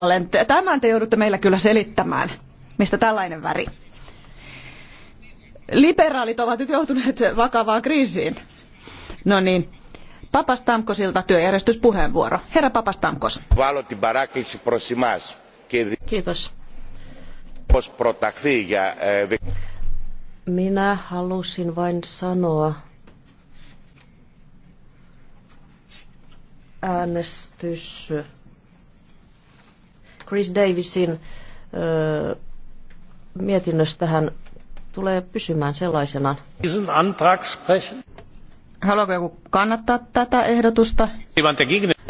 Olen, tämän te joudutte meillä kyllä selittämään, mistä tällainen väri. Liberaalit ovat nyt joutuneet vakavaan kriisiin. No niin, Papastamkosilta työjärjestyspuheenvuoro. Herra Papastamkos. Kiitos. Minä halusin vain sanoa äänestys Chris Davisin ö, mietinnöstä hän tulee pysymään sellaisena. Haluaako joku kannattaa tätä ehdotusta?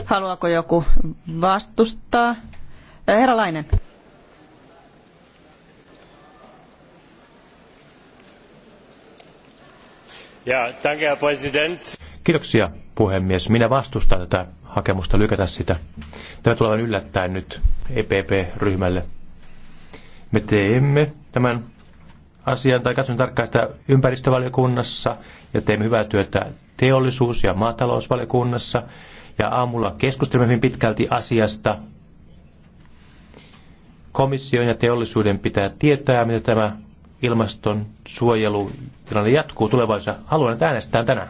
Haluaako joku vastustaa? Herra Lainen. Ja, danke, Herr Präsident. Kiitoksia, puhemies. Minä vastustan tätä hakemusta, lykätä sitä. Tämä tulee vain yllättäen nyt EPP-ryhmälle. Me teemme tämän asian tai katson tarkkaan sitä ympäristövaliokunnassa ja teemme hyvää työtä teollisuus- ja maatalousvaliokunnassa. Ja aamulla keskustelemme hyvin pitkälti asiasta. Komission ja teollisuuden pitää tietää, mitä tämä ilmaston suojelu jatkuu tulevaisuudessa. Haluan, että äänestetään tänään.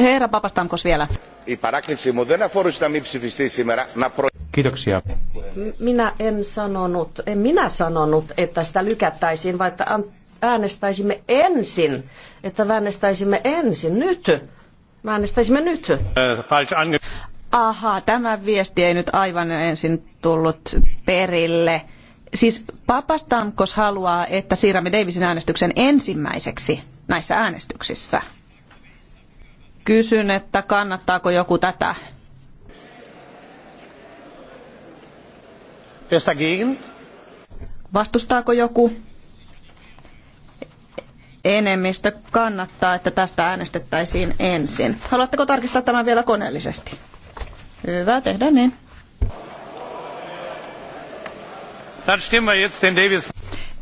Herra Papastamkos vielä. Kiitoksia. Minä en sanonut, en minä sanonut, että sitä lykättäisiin, vaan että äänestäisimme ensin, että äänestäisimme ensin nyt. Mä äänestäisimme nyt. Aha, tämä viesti ei nyt aivan ensin tullut perille. Siis Papastamkos haluaa, että siirrämme Davisin äänestyksen ensimmäiseksi näissä äänestyksissä. Kysyn, että kannattaako joku tätä. Vastustaako joku? Enemmistö kannattaa, että tästä äänestettäisiin ensin. Haluatteko tarkistaa tämän vielä koneellisesti? Hyvä, tehdään niin.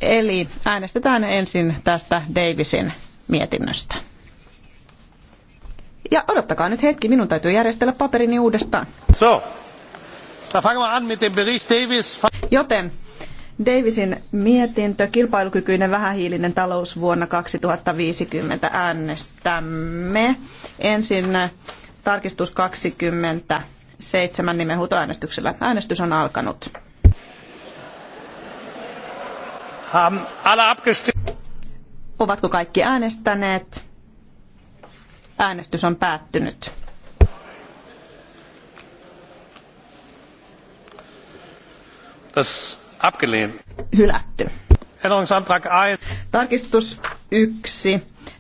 Eli äänestetään ensin tästä Davisin mietinnöstä. Ja odottakaa nyt hetki, minun täytyy järjestellä paperini uudestaan. So. Joten Davisin mietintö, kilpailukykyinen vähähiilinen talous vuonna 2050 äänestämme. Ensin tarkistus 27 nimenhuutoäänestyksellä. Äänestys on alkanut. Ovatko kaikki äänestäneet? Äänestys on päättynyt. Das abgelehnt. Hylätty. Änderungsantrag 1. Tarkistus 1.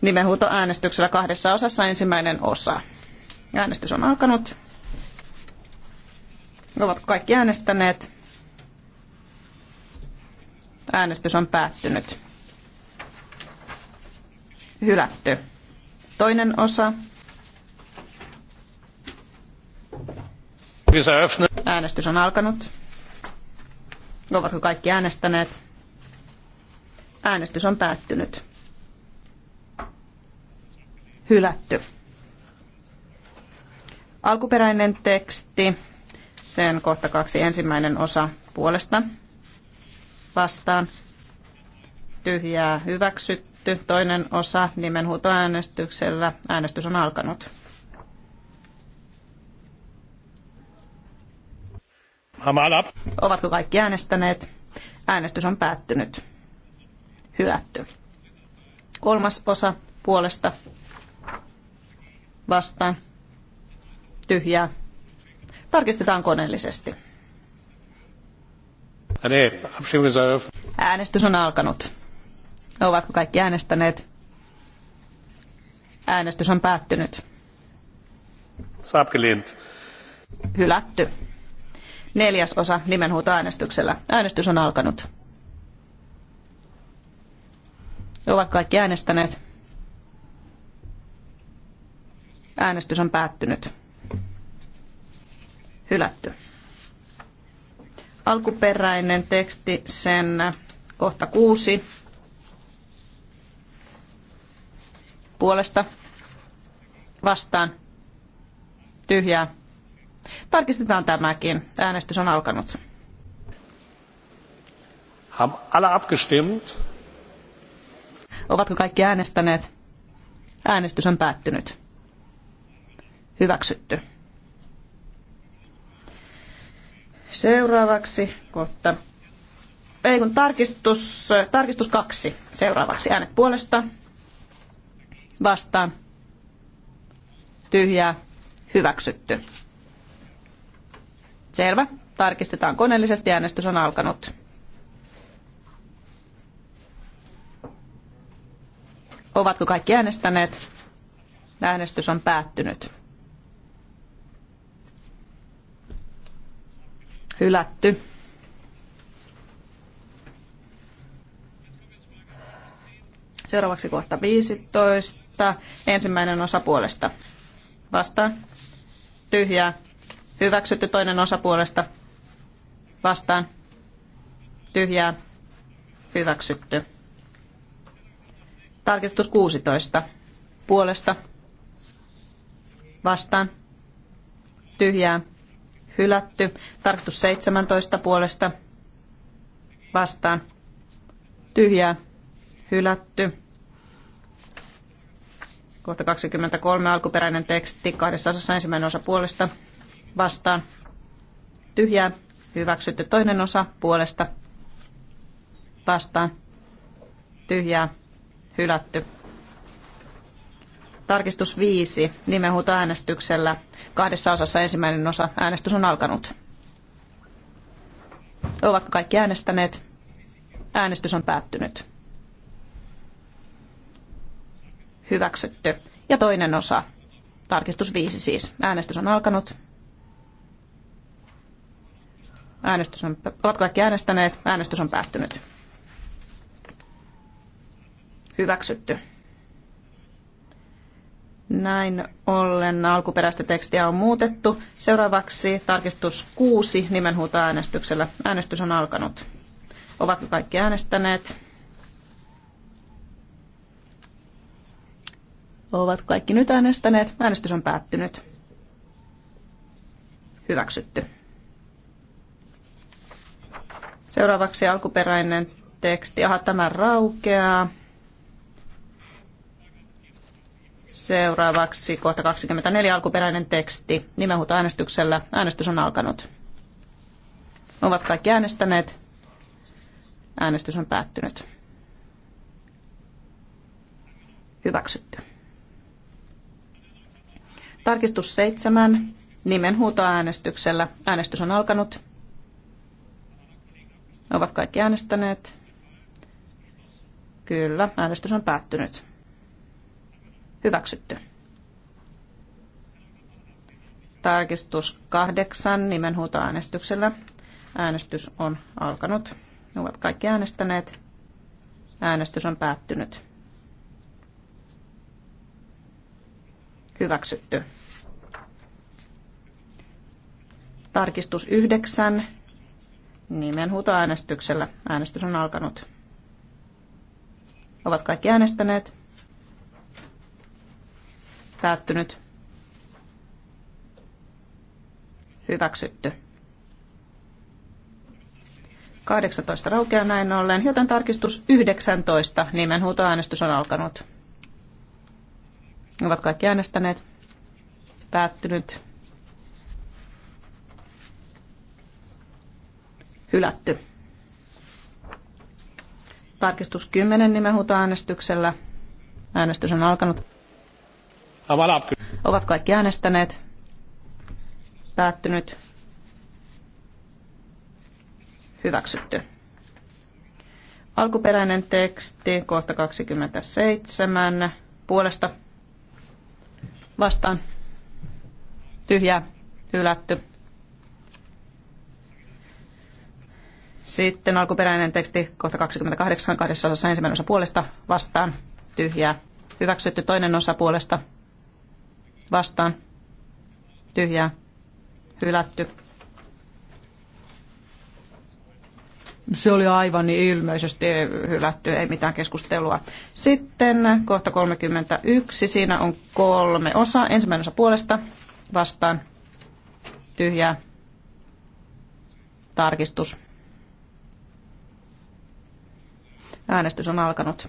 Nimenhuuto äänestyksellä kahdessa osassa ensimmäinen osa. Äänestys on alkanut. Ovatko kaikki äänestäneet? Äänestys on päättynyt. Hylätty. Toinen osa. Äänestys on alkanut. Ovatko kaikki äänestäneet? Äänestys on päättynyt. Hylätty. Alkuperäinen teksti, sen kohta kaksi ensimmäinen osa puolesta vastaan tyhjää hyväksytty. Toinen osa nimenhuutoäänestyksellä. Äänestys on alkanut. Hamala. Ovatko kaikki äänestäneet? Äänestys on päättynyt. Hyötty. Kolmas osa puolesta vastaan. Tyhjää. Tarkistetaan koneellisesti. Ah, Äänestys on alkanut. Ovatko kaikki äänestäneet? Äänestys on päättynyt. Abgelehnt. Hylätty. Neljäs osa äänestyksellä. Äänestys on alkanut. Ovat kaikki äänestäneet. Äänestys on päättynyt. Hylätty alkuperäinen teksti, sen kohta kuusi puolesta vastaan tyhjää. Tarkistetaan tämäkin. Äänestys on alkanut. Haben alle abgestimmt? Ovatko kaikki äänestäneet? Äänestys on päättynyt. Hyväksytty. Seuraavaksi kohta. Ei kun tarkistus, tarkistus kaksi. Seuraavaksi äänet puolesta. Vastaan. Tyhjää. Hyväksytty. Selvä. Tarkistetaan koneellisesti. Äänestys on alkanut. Ovatko kaikki äänestäneet? Äänestys on päättynyt. Hylätty. Seuraavaksi kohta 15. Ensimmäinen osa puolesta. Vastaan. Tyhjää. Hyväksytty toinen osa puolesta. Vastaan. Tyhjää. Hyväksytty. Tarkistus 16. Puolesta. Vastaan. Tyhjää hylätty. Tarkistus 17 puolesta vastaan tyhjää hylätty. Kohta 23 alkuperäinen teksti kahdessa osassa ensimmäinen osa puolesta vastaan tyhjää hyväksytty toinen osa puolesta vastaan tyhjää hylätty. Tarkistus 5 äänestyksellä. kahdessa osassa ensimmäinen osa. Äänestys on alkanut. Ovatko kaikki äänestäneet? Äänestys on päättynyt. Hyväksytty. Ja toinen osa. Tarkistus 5 siis. Äänestys on alkanut. Äänestys on, ovatko kaikki äänestäneet. Äänestys on päättynyt. Hyväksytty. Näin ollen alkuperäistä tekstiä on muutettu. Seuraavaksi tarkistus 6 äänestyksellä. Äänestys on alkanut. Ovatko kaikki äänestäneet? Ovatko kaikki nyt äänestäneet? Äänestys on päättynyt. Hyväksytty. Seuraavaksi alkuperäinen teksti. Aha, tämä raukeaa. Seuraavaksi kohta 24 alkuperäinen teksti. Nimenhuuto äänestyksellä. Äänestys on alkanut. Ovat kaikki äänestäneet. Äänestys on päättynyt. Hyväksytty. Tarkistus 7. äänestyksellä Äänestys on alkanut. Ovat kaikki äänestäneet. Kyllä, äänestys on päättynyt. Hyväksytty. Tarkistus kahdeksan nimenhuutoäänestyksellä. Äänestys on alkanut. Ne ovat kaikki äänestäneet. Äänestys on päättynyt. Hyväksytty. Tarkistus yhdeksän. Nimenhuutoäänestyksellä. Äänestys on alkanut. Ovat kaikki äänestäneet päättynyt. Hyväksytty. 18 raukeaa näin ollen, joten tarkistus 19 nimenhuutoäänestys on alkanut. Ovat kaikki äänestäneet. Päättynyt. Hylätty. Tarkistus 10 nimenhuutoäänestyksellä. Äänestys on alkanut. Ovat kaikki äänestäneet. Päättynyt. Hyväksytty. Alkuperäinen teksti, kohta 27, puolesta vastaan. Tyhjää, hylätty. Sitten alkuperäinen teksti, kohta 28, kahdessa osassa ensimmäinen osa puolesta vastaan, tyhjää, hyväksytty toinen osa puolesta Vastaan. Tyhjää. Hylätty. Se oli aivan niin ilmeisesti hylätty, ei mitään keskustelua. Sitten kohta 31, siinä on kolme osaa. Ensimmäinen osa puolesta vastaan tyhjää tarkistus. Äänestys on alkanut.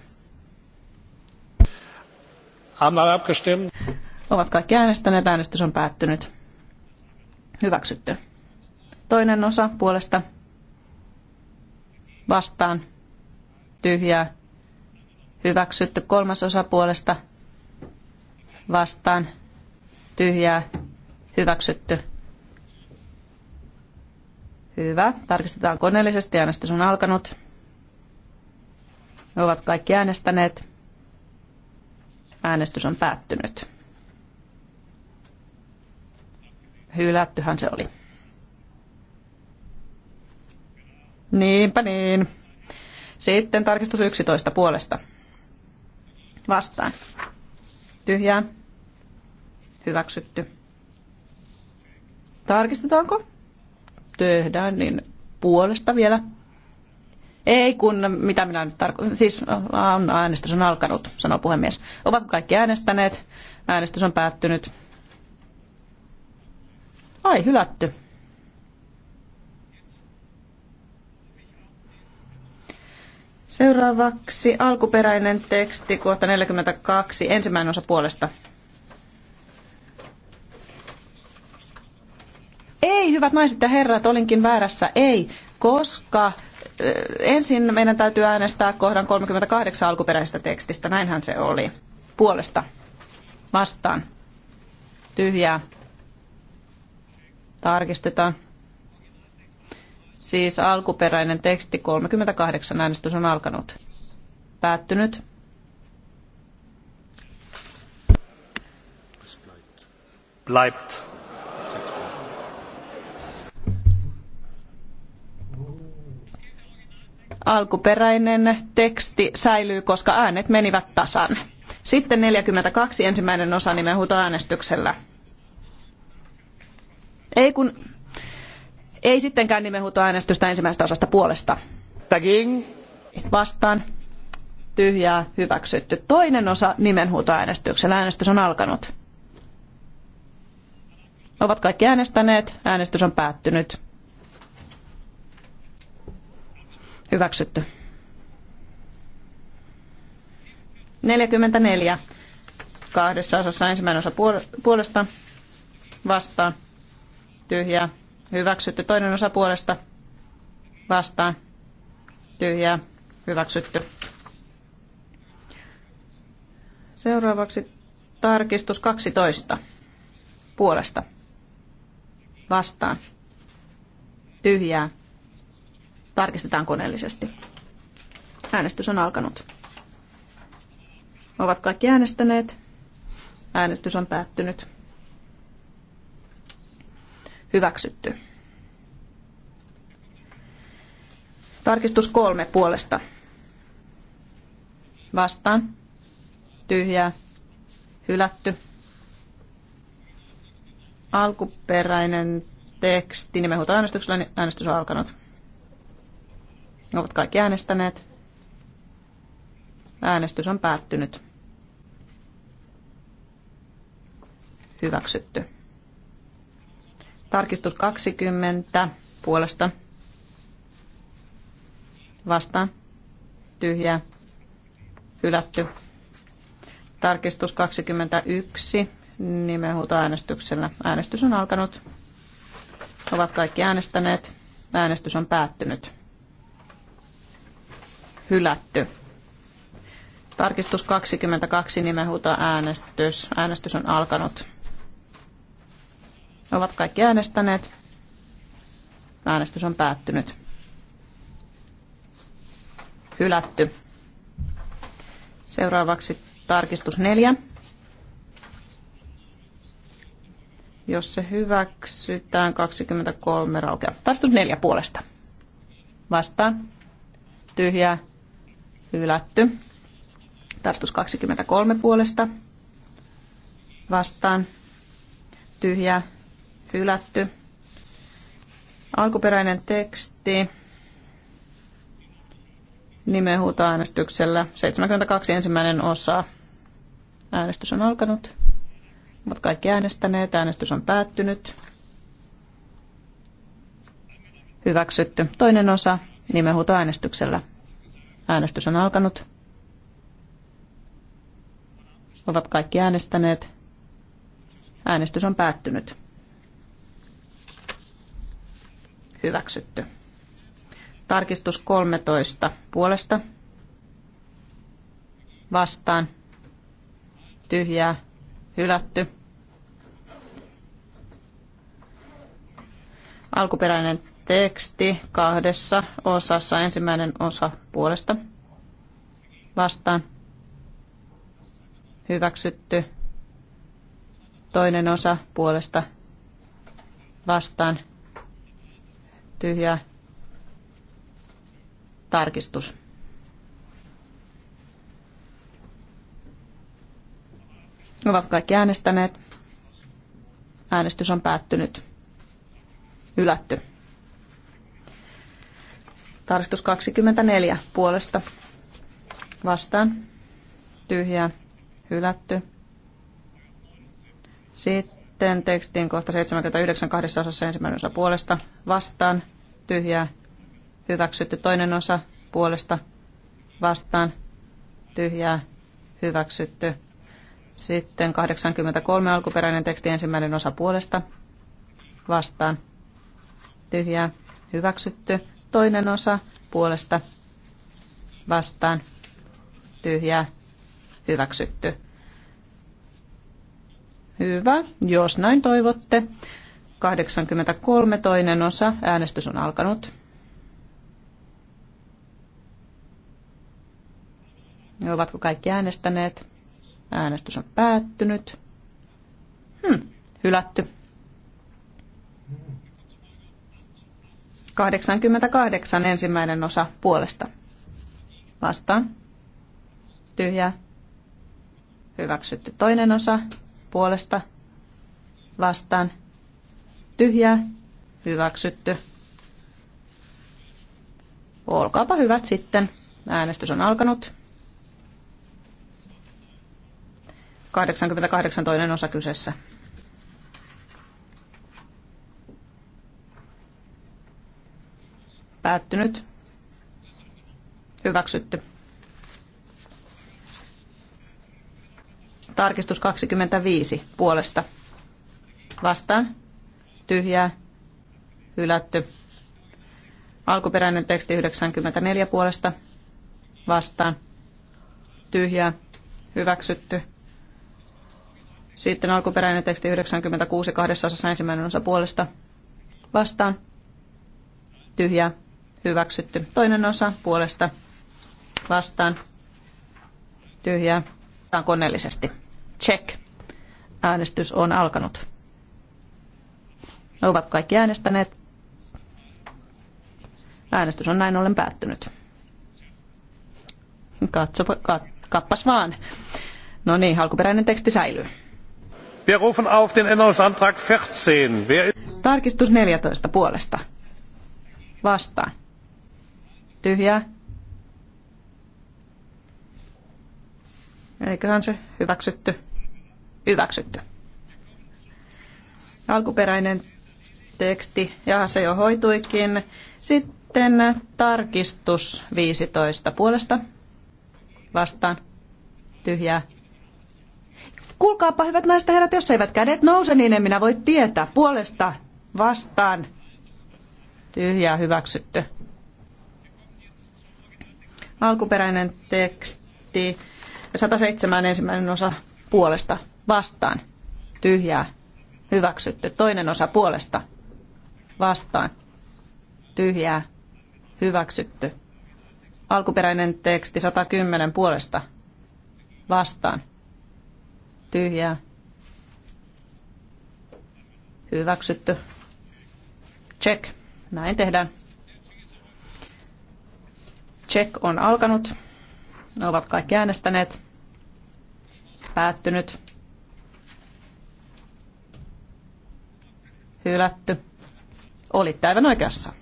Ovat kaikki äänestäneet. Äänestys on päättynyt. Hyväksytty. Toinen osa puolesta vastaan. Tyhjää. Hyväksytty. Kolmas osa puolesta vastaan. Tyhjää. Hyväksytty. Hyvä. Tarkistetaan koneellisesti. Äänestys on alkanut. Ne ovat kaikki äänestäneet. Äänestys on päättynyt. Hylättyhän se oli. Niinpä niin. Sitten tarkistus 11 puolesta. Vastaan. Tyhjää. Hyväksytty. Tarkistetaanko? Tehdään niin puolesta vielä. Ei kun, mitä minä nyt tarkoitan, siis äänestys on alkanut, sanoo puhemies. Ovatko kaikki äänestäneet? Äänestys on päättynyt. Ai, hylätty. Seuraavaksi alkuperäinen teksti, kohta 42, ensimmäinen osa puolesta. Ei, hyvät naiset ja herrat, olinkin väärässä, ei, koska eh, ensin meidän täytyy äänestää kohdan 38 alkuperäisestä tekstistä, näinhän se oli. Puolesta. Vastaan. Tyhjää. Tarkistetaan. Siis alkuperäinen teksti 38 äänestys on alkanut. Päättynyt. Bleibt. alkuperäinen teksti säilyy, koska äänet menivät tasan. Sitten 42 ensimmäinen osa nimenhuutoäänestyksellä. äänestyksellä. Ei kun ei sittenkään nimenhuutoäänestystä ensimmäisestä osasta puolesta. Tagging. Vastaan. Tyhjää. Hyväksytty. Toinen osa nimenhuutoäänestyksellä. Äänestys on alkanut. Ovat kaikki äänestäneet. Äänestys on päättynyt. Hyväksytty. 44. Kahdessa osassa ensimmäinen osa puolesta vastaan tyhjää, hyväksytty. Toinen osa puolesta vastaan, tyhjää, hyväksytty. Seuraavaksi tarkistus 12 puolesta vastaan, tyhjää, tarkistetaan koneellisesti. Äänestys on alkanut. Ovat kaikki äänestäneet. Äänestys on päättynyt hyväksytty. Tarkistus kolme puolesta. Vastaan. Tyhjää. Hylätty. Alkuperäinen teksti äänestyksellä niin äänestys on alkanut. Ovat kaikki äänestäneet. Äänestys on päättynyt. Hyväksytty. Tarkistus 20 puolesta. Vastaan. Tyhjää. Hylätty. Tarkistus 21 nimenhuutoäänestyksellä. Äänestys on alkanut. Ovat kaikki äänestäneet. Äänestys on päättynyt. Hylätty. Tarkistus 22 nimenhuutoäänestys. Äänestys on alkanut. Ovat kaikki äänestäneet. Äänestys on päättynyt. Hylätty. Seuraavaksi tarkistus neljä. Jos se hyväksytään, 23 raukeaa. Tarkistus neljä puolesta. Vastaan. Tyhjää. Hylätty. Tarkistus 23 puolesta. Vastaan. Tyhjää hylätty. Alkuperäinen teksti äänestyksellä. 72 ensimmäinen osa. Äänestys on alkanut. Ovat kaikki äänestäneet. Äänestys on päättynyt. Hyväksytty. Toinen osa äänestyksellä. Äänestys on alkanut. Ovat kaikki äänestäneet. Äänestys on päättynyt. hyväksytty. Tarkistus 13 puolesta vastaan tyhjää hylätty. Alkuperäinen teksti kahdessa osassa. Ensimmäinen osa puolesta vastaan hyväksytty. Toinen osa puolesta vastaan tyhjä tarkistus. Ovat kaikki äänestäneet. Äänestys on päättynyt. Ylätty. Tarkistus 24 puolesta. Vastaan. tyhjä Hylätty. Sitten sitten tekstin kohta 79 kahdessa osassa ensimmäinen osa puolesta vastaan, tyhjää, hyväksytty toinen osa puolesta vastaan, tyhjää, hyväksytty. Sitten 83 alkuperäinen teksti ensimmäinen osa puolesta vastaan, tyhjää, hyväksytty. Toinen osa puolesta vastaan, tyhjää, hyväksytty. Hyvä, jos näin toivotte. 83 toinen osa. Äänestys on alkanut. Ovatko kaikki äänestäneet? Äänestys on päättynyt. Hmm, hylätty. 88 ensimmäinen osa puolesta. Vastaan. Tyhjä. Hyväksytty toinen osa puolesta vastaan tyhjää hyväksytty. Olkaapa hyvät sitten. Äänestys on alkanut. 88 toinen osa kyseessä. Päättynyt. Hyväksytty. Tarkistus 25 puolesta. Vastaan. Tyhjää. Hylätty. Alkuperäinen teksti 94 puolesta. Vastaan. Tyhjää. Hyväksytty. Sitten alkuperäinen teksti 96 kahdessa osassa ensimmäinen osa puolesta. Vastaan. Tyhjää. Hyväksytty. Toinen osa puolesta. Vastaan. Tyhjää. Tämä on koneellisesti. Check. Äänestys on alkanut. Ovat kaikki äänestäneet. Äänestys on näin ollen päättynyt. Katso, ka, kappas vaan. No niin, alkuperäinen teksti säilyy. Wir rufen auf den 14. Wer... Tarkistus 14 puolesta. Vastaan. Tyhjää. Eiköhän se hyväksytty? Hyväksytty. Alkuperäinen teksti, ja se jo hoituikin. Sitten tarkistus 15 puolesta vastaan. Tyhjää. Kuulkaapa hyvät naiset herrat, jos eivät kädet nouse, niin en minä voi tietää. Puolesta vastaan. Tyhjää hyväksytty. Alkuperäinen teksti. 107 ensimmäinen osa puolesta vastaan. Tyhjää. Hyväksytty. Toinen osa puolesta vastaan. Tyhjää. Hyväksytty. Alkuperäinen teksti 110 puolesta vastaan. Tyhjää. Hyväksytty. Check. Näin tehdään. Check on alkanut. Ovat kaikki äänestäneet. Päättynyt. Hylätty. Olit aivan oikeassa.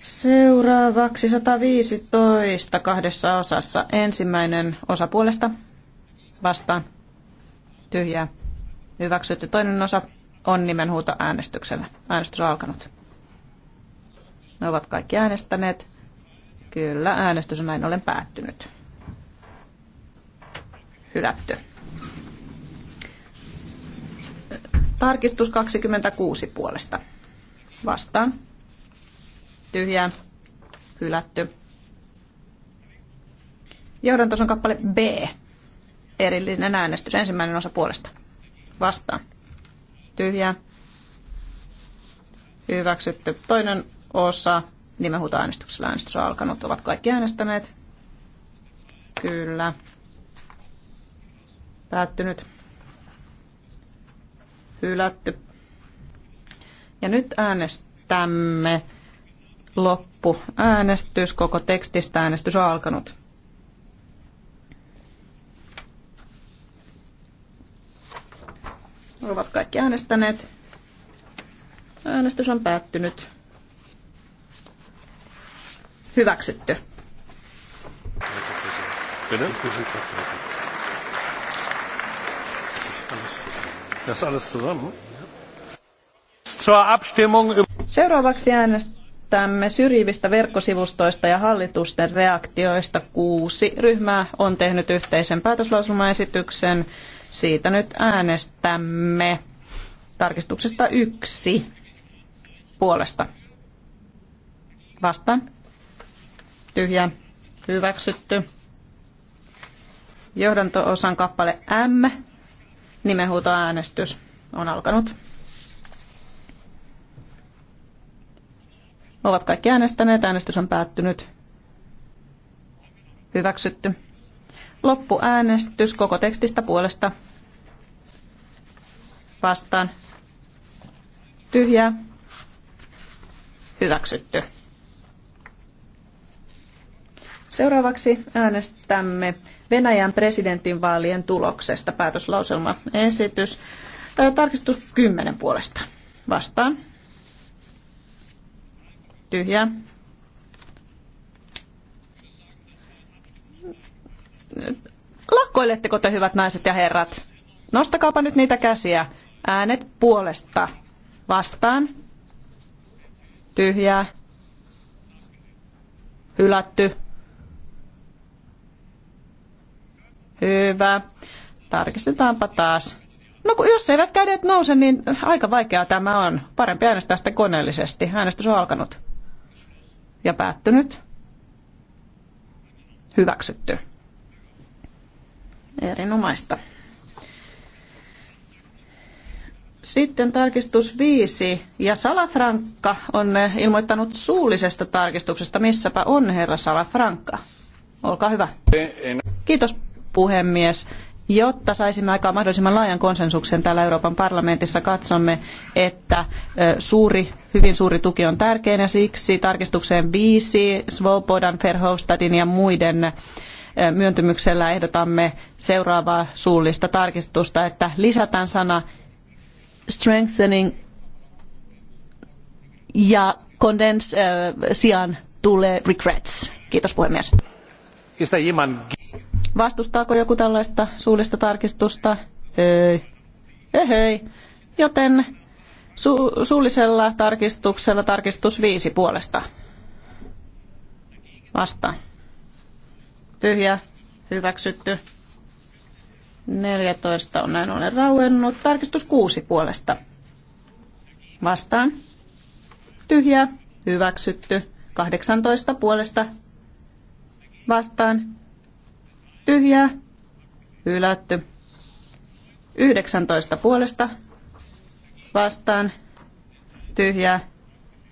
Seuraavaksi 115 kahdessa osassa. Ensimmäinen osa puolesta vastaan. Tyhjää. Hyväksytty toinen osa on nimenhuuto äänestyksellä. Äänestys on alkanut. Ne ovat kaikki äänestäneet. Kyllä, äänestys on näin ollen päättynyt hylätty. Tarkistus 26 puolesta. Vastaan. Tyhjää. Hylätty. Johdantos on kappale B. Erillinen äänestys. Ensimmäinen osa puolesta. Vastaan. Tyhjää. Hyväksytty. Toinen osa. äänestyksellä äänestys on alkanut. Ovat kaikki äänestäneet. Kyllä. Päättynyt. Hylätty. Ja nyt äänestämme loppu. Äänestys koko tekstistä. Äänestys on alkanut. Ovat kaikki äänestäneet. Äänestys on päättynyt. Hyväksytty. Kiitos. Seuraavaksi äänestämme syrjivistä verkkosivustoista ja hallitusten reaktioista kuusi. Ryhmää on tehnyt yhteisen päätöslauselmaesityksen. Siitä nyt äänestämme tarkistuksesta yksi puolesta. Vastaan. Tyhjä. Hyväksytty. Johdanto-osan kappale M Nimenhuutoäänestys on alkanut. Ovat kaikki äänestäneet. Äänestys on päättynyt. Hyväksytty. Loppuäänestys koko tekstistä puolesta. Vastaan. Tyhjää. Hyväksytty. Seuraavaksi äänestämme Venäjän presidentinvaalien tuloksesta päätöslauselma esitys. Tarkistus 10 puolesta. Vastaan. tyhjä Lakkoiletteko te hyvät naiset ja herrat? Nostakaapa nyt niitä käsiä. Äänet puolesta. Vastaan. Tyhjää. Hylätty. Hyvä. Tarkistetaanpa taas. No kun jos eivät kädet nouse, niin aika vaikeaa tämä on. Parempi äänestää sitten koneellisesti. Äänestys on alkanut ja päättynyt. Hyväksytty. Erinomaista. Sitten tarkistus 5. Ja Salafrankka on ilmoittanut suullisesta tarkistuksesta. Missäpä on herra Salafrankka? Olkaa hyvä. Kiitos puhemies. Jotta saisimme aikaan mahdollisimman laajan konsensuksen täällä Euroopan parlamentissa, katsomme, että suuri, hyvin suuri tuki on tärkein ja siksi tarkistukseen viisi Svobodan, Verhofstadin ja muiden myöntymyksellä ehdotamme seuraavaa suullista tarkistusta, että lisätään sana strengthening ja condense sijaan tulee regrets. Kiitos puhemies. Vastustaako joku tällaista suullista tarkistusta? Ei. Ehei. Joten su- suullisella tarkistuksella tarkistus viisi puolesta. Vastaan. Tyhjä. Hyväksytty. 14 on näin ollen rauennut. Tarkistus 6 puolesta. Vastaan. Tyhjä. Hyväksytty. 18 puolesta. Vastaan tyhjää, hylätty. 19 puolesta vastaan, tyhjää,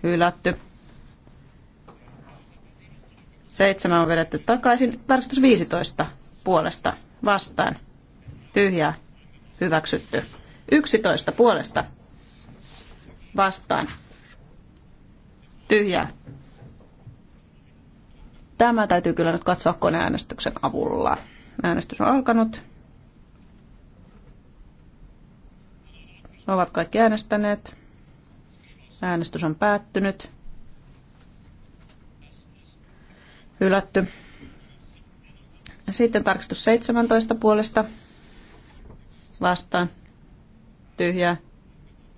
hylätty. 7 on vedetty takaisin, tarkistus 15 puolesta vastaan, tyhjää, hyväksytty. 11 puolesta vastaan, tyhjää, Tämä täytyy kyllä nyt katsoa koneäänestyksen avulla. Äänestys on alkanut. Ovat kaikki äänestäneet. Äänestys on päättynyt. Hylätty. Sitten tarkistus 17 puolesta. Vastaan. Tyhjä.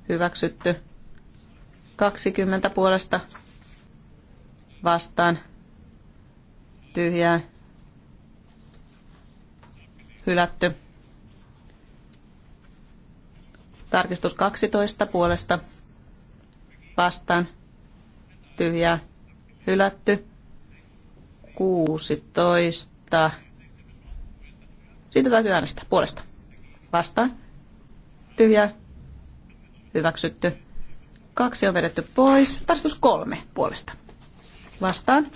Hyväksytty. 20 puolesta. Vastaan tyhjää hylätty. Tarkistus 12 puolesta vastaan tyhjää hylätty. 16. Siitä täytyy äänestää puolesta. Vastaan. Tyhjää. Hyväksytty. Kaksi on vedetty pois. Tarkistus kolme puolesta. Vastaan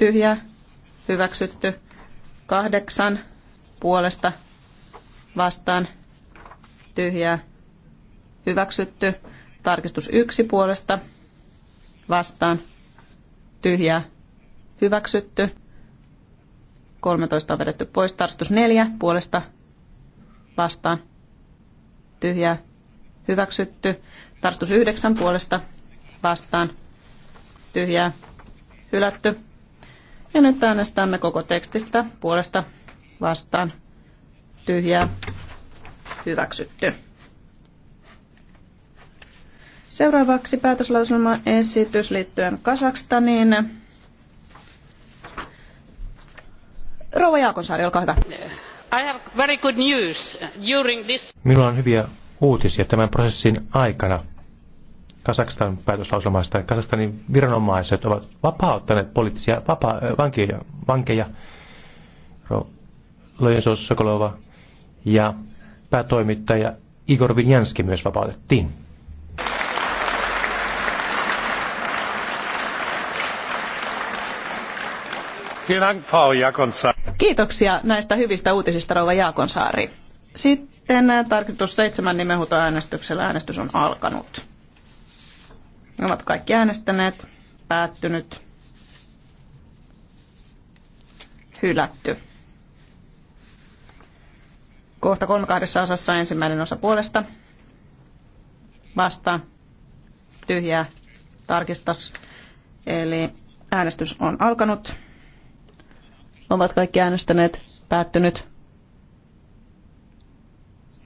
tyhjä hyväksytty. Kahdeksan puolesta vastaan, tyhjä hyväksytty. Tarkistus yksi puolesta vastaan, tyhjä hyväksytty. 13 on vedetty pois. Tarkistus neljä, puolesta vastaan, tyhjä hyväksytty. Tarkistus yhdeksän puolesta vastaan, tyhjä hylätty. Ja nyt äänestämme koko tekstistä puolesta vastaan tyhjää hyväksytty. Seuraavaksi päätöslauselma esitys liittyen Kasakstaniin. Rouva Jaakonsaari, olkaa hyvä. I have very good news. During this... Minulla on hyviä uutisia tämän prosessin aikana. Kasakstan päätöslauselmaista. Kasakstanin viranomaiset ovat vapauttaneet poliittisia vapa- äh, vankeja, vankeja Sokolova ja päätoimittaja Igor Vinjanski myös vapautettiin. Kiitoksia näistä hyvistä uutisista, rouva Jaakonsaari. Sitten äh, tarkistus seitsemän nimenhuutoäänestyksellä äänestys on alkanut. Ne ovat kaikki äänestäneet. Päättynyt. Hylätty. Kohta kolme kahdessa osassa ensimmäinen osa puolesta. Vasta. Tyhjää. Tarkistas. Eli äänestys on alkanut. Ovat kaikki äänestäneet. Päättynyt.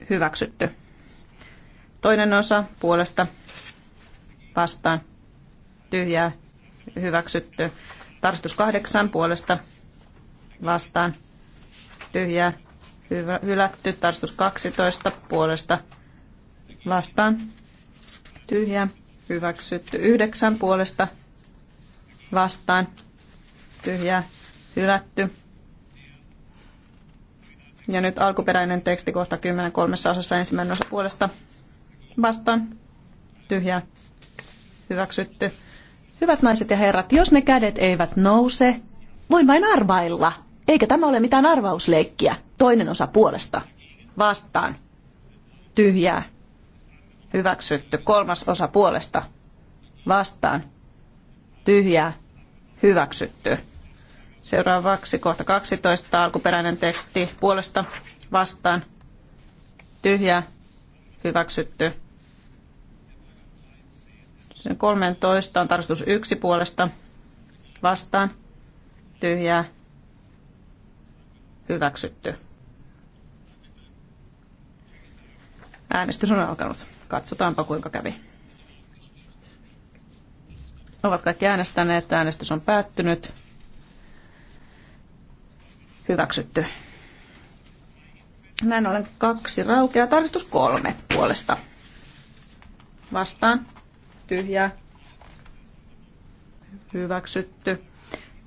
Hyväksytty. Toinen osa puolesta vastaan tyhjää hyväksytty. Tarkistus kahdeksan puolesta vastaan tyhjää hyvä, hylätty. Tarkistus 12 puolesta vastaan tyhjää hyväksytty. Yhdeksän puolesta vastaan tyhjää hylätty. Ja nyt alkuperäinen teksti kohta 10 kolmessa osassa ensimmäinen osa puolesta vastaan tyhjää hyväksytty. Hyvät naiset ja herrat, jos ne kädet eivät nouse, voin vain arvailla. Eikä tämä ole mitään arvausleikkiä. Toinen osa puolesta. Vastaan. Tyhjää. Hyväksytty. Kolmas osa puolesta. Vastaan. Tyhjää. Hyväksytty. Seuraavaksi kohta 12 alkuperäinen teksti puolesta vastaan. Tyhjää. Hyväksytty. 13 on tarkistus yksi puolesta vastaan. Tyhjää. Hyväksytty. Äänestys on alkanut. Katsotaanpa kuinka kävi. Ovat kaikki äänestäneet. Äänestys on päättynyt. Hyväksytty. Näin ollen kaksi raukeaa. Tarkistus kolme puolesta. Vastaan tyhjä hyväksytty.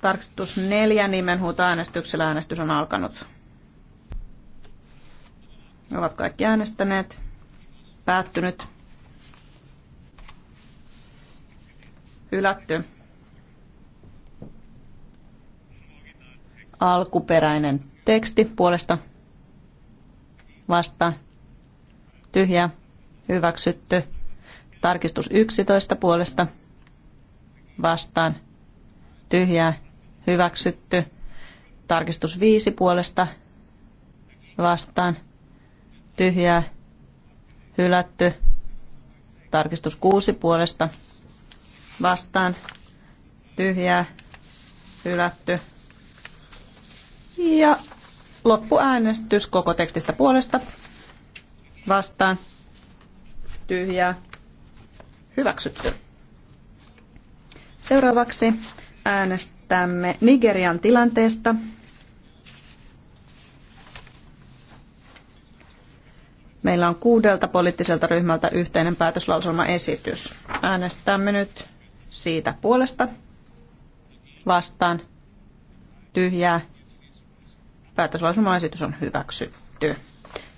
Tarkistus neljä nimenhuuta äänestyksellä. Äänestys on alkanut. Ovat kaikki äänestäneet. Päättynyt. Hylätty. Alkuperäinen teksti puolesta vasta tyhjä hyväksytty Tarkistus 11 puolesta vastaan tyhjää hyväksytty. Tarkistus 5 puolesta vastaan tyhjää hylätty. Tarkistus 6 puolesta vastaan tyhjää hylätty. Ja loppuäänestys koko tekstistä puolesta vastaan tyhjää Hyväksytty. Seuraavaksi äänestämme Nigerian tilanteesta. Meillä on kuudelta poliittiselta ryhmältä yhteinen päätöslauselmaesitys. Äänestämme nyt siitä puolesta vastaan tyhjää. Päätöslauselmaesitys on hyväksytty.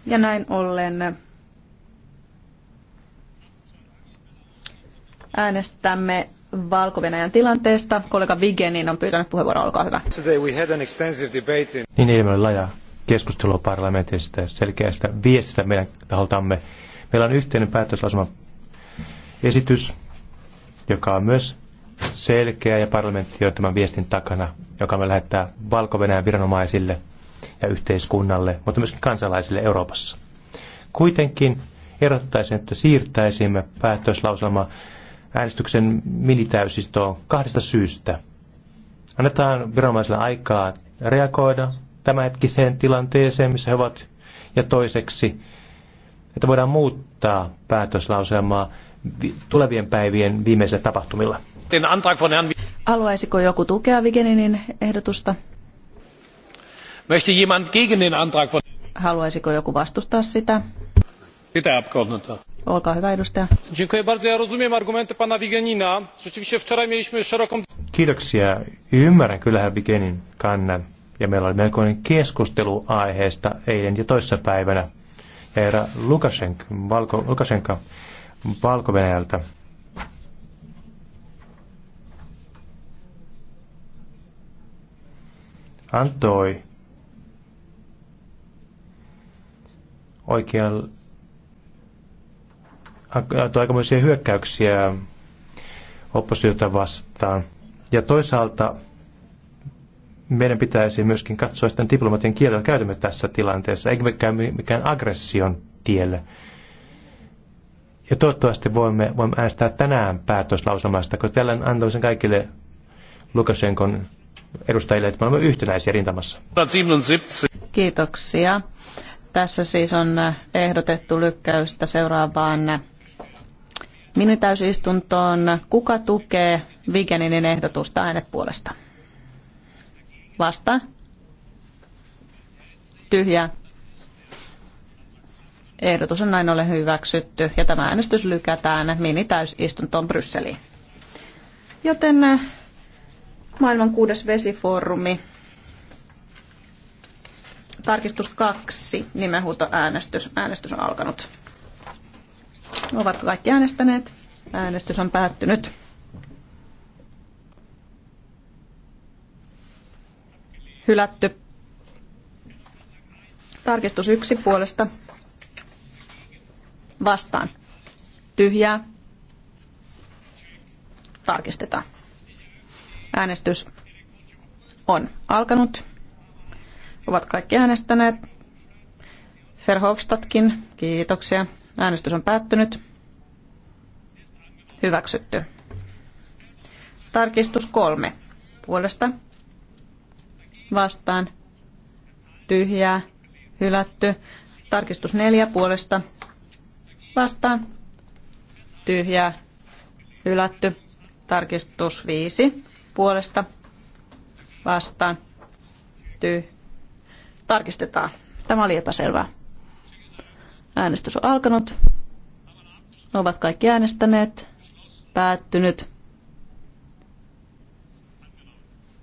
Ja näin ollen äänestämme valko tilanteesta. Kollega Vigenin on pyytänyt puheenvuoroa, olkaa hyvä. Niin ilmiö laaja keskustelua parlamentista ja selkeästä viestistä meidän taholtamme. Meillä on yhteinen päätöslausuma esitys, joka on myös selkeä ja parlamentti on tämän viestin takana, joka me lähettää valko viranomaisille ja yhteiskunnalle, mutta myös kansalaisille Euroopassa. Kuitenkin ehdottaisin, että siirtäisimme päätöslauselmaa äänestyksen minitäysistoa kahdesta syystä. Annetaan viranomaisille aikaa reagoida tämänhetkiseen tilanteeseen, missä he ovat, ja toiseksi, että voidaan muuttaa päätöslauselmaa tulevien päivien viimeisillä tapahtumilla. Haluaisiko joku tukea Vigeninin ehdotusta? Möchte jemand gegen den Antrag von... Haluaisiko joku vastustaa sitä? Mitä, Abgeordneter? Olkaa hyvä edustaja. Dziękuję bardzo. Ja rozumiem argumenty pana Wigenina. Rzeczywiście wczoraj mieliśmy szeroką... Kiitoksia. Ymmärrän kyllähän Wigenin kannan. Ja meillä oli melkoinen keskustelu aiheesta eilen ja toissapäivänä. Ja herra Lukashenka, Valko, Lukashenka Valko-Venäjältä antoi oikean Äh, aikamoisia hyökkäyksiä oppositiota vastaan. Ja toisaalta meidän pitäisi myöskin katsoa sitten diplomatian kielellä käytämme tässä tilanteessa, eikä me käy mikään aggression tielle. Ja toivottavasti voimme, voimme äänestää tänään päätöslausumasta, koska tällä antoisin kaikille Lukashenkon edustajille, että me olemme yhtenäisiä rintamassa. Kiitoksia. Tässä siis on ehdotettu lykkäystä seuraavaan minitäysistuntoon. Kuka tukee Vigeninin ehdotusta äänet puolesta? Vasta. Tyhjä. Ehdotus on näin ollen hyväksytty ja tämä äänestys lykätään minitäysistuntoon Brysseliin. Joten äh, maailman kuudes vesifoorumi tarkistus kaksi, nimenhuutoäänestys. Äänestys on alkanut. Ovatko kaikki äänestäneet? Äänestys on päättynyt. Hylätty. Tarkistus yksi puolesta. Vastaan. Tyhjää. Tarkistetaan. Äänestys on alkanut. Ovat kaikki äänestäneet. Verhofstadtkin, kiitoksia. Äänestys on päättynyt. Hyväksytty. Tarkistus kolme. Puolesta. Vastaan. Tyhjää. Hylätty. Tarkistus neljä. Puolesta. Vastaan. Tyhjää. Hylätty. Tarkistus viisi. Puolesta. Vastaan. Tyh. Tarkistetaan. Tämä oli epäselvää. Äänestys on alkanut. Ovat kaikki äänestäneet. Päättynyt.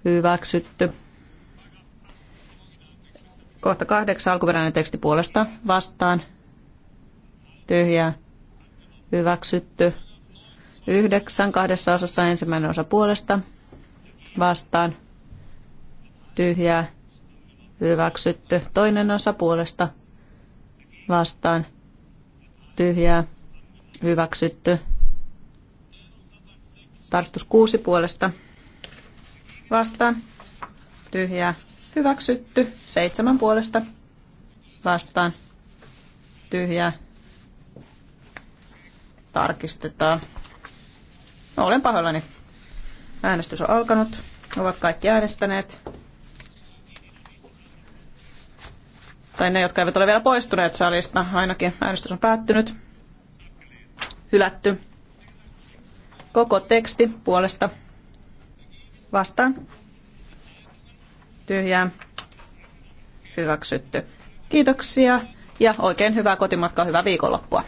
Hyväksytty. Kohta kahdeksan alkuperäinen teksti puolesta vastaan. Tyhjä. Hyväksytty. Yhdeksän kahdessa osassa ensimmäinen osa puolesta vastaan. Tyhjä. Hyväksytty. Toinen osa puolesta vastaan tyhjää hyväksytty. Tarstus kuusi puolesta vastaan tyhjää hyväksytty. Seitsemän puolesta vastaan tyhjää tarkistetaan. No, olen pahoillani. Äänestys on alkanut. Ovat kaikki äänestäneet. tai ne, jotka eivät ole vielä poistuneet salista, ainakin äänestys on päättynyt, hylätty. Koko teksti puolesta vastaan, tyhjää, hyväksytty. Kiitoksia ja oikein hyvää kotimatkaa, hyvää viikonloppua.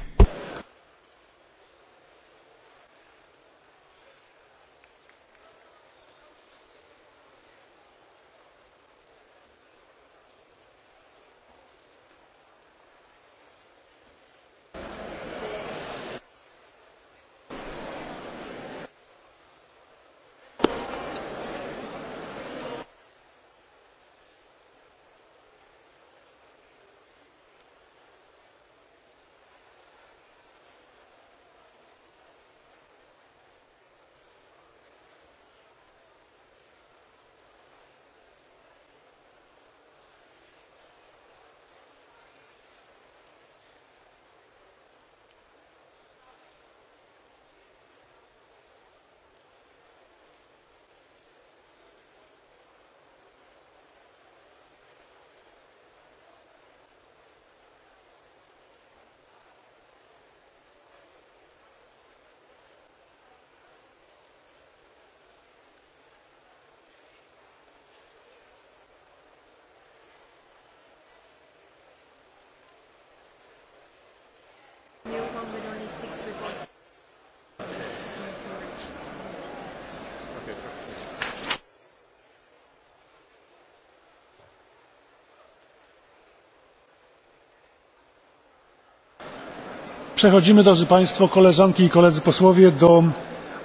Przechodzimy, drodzy Państwo, koleżanki i koledzy posłowie, do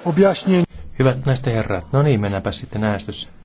objaśnień. Hyvät naiset ja herrat, no niin, mennäänpä sitten äänestys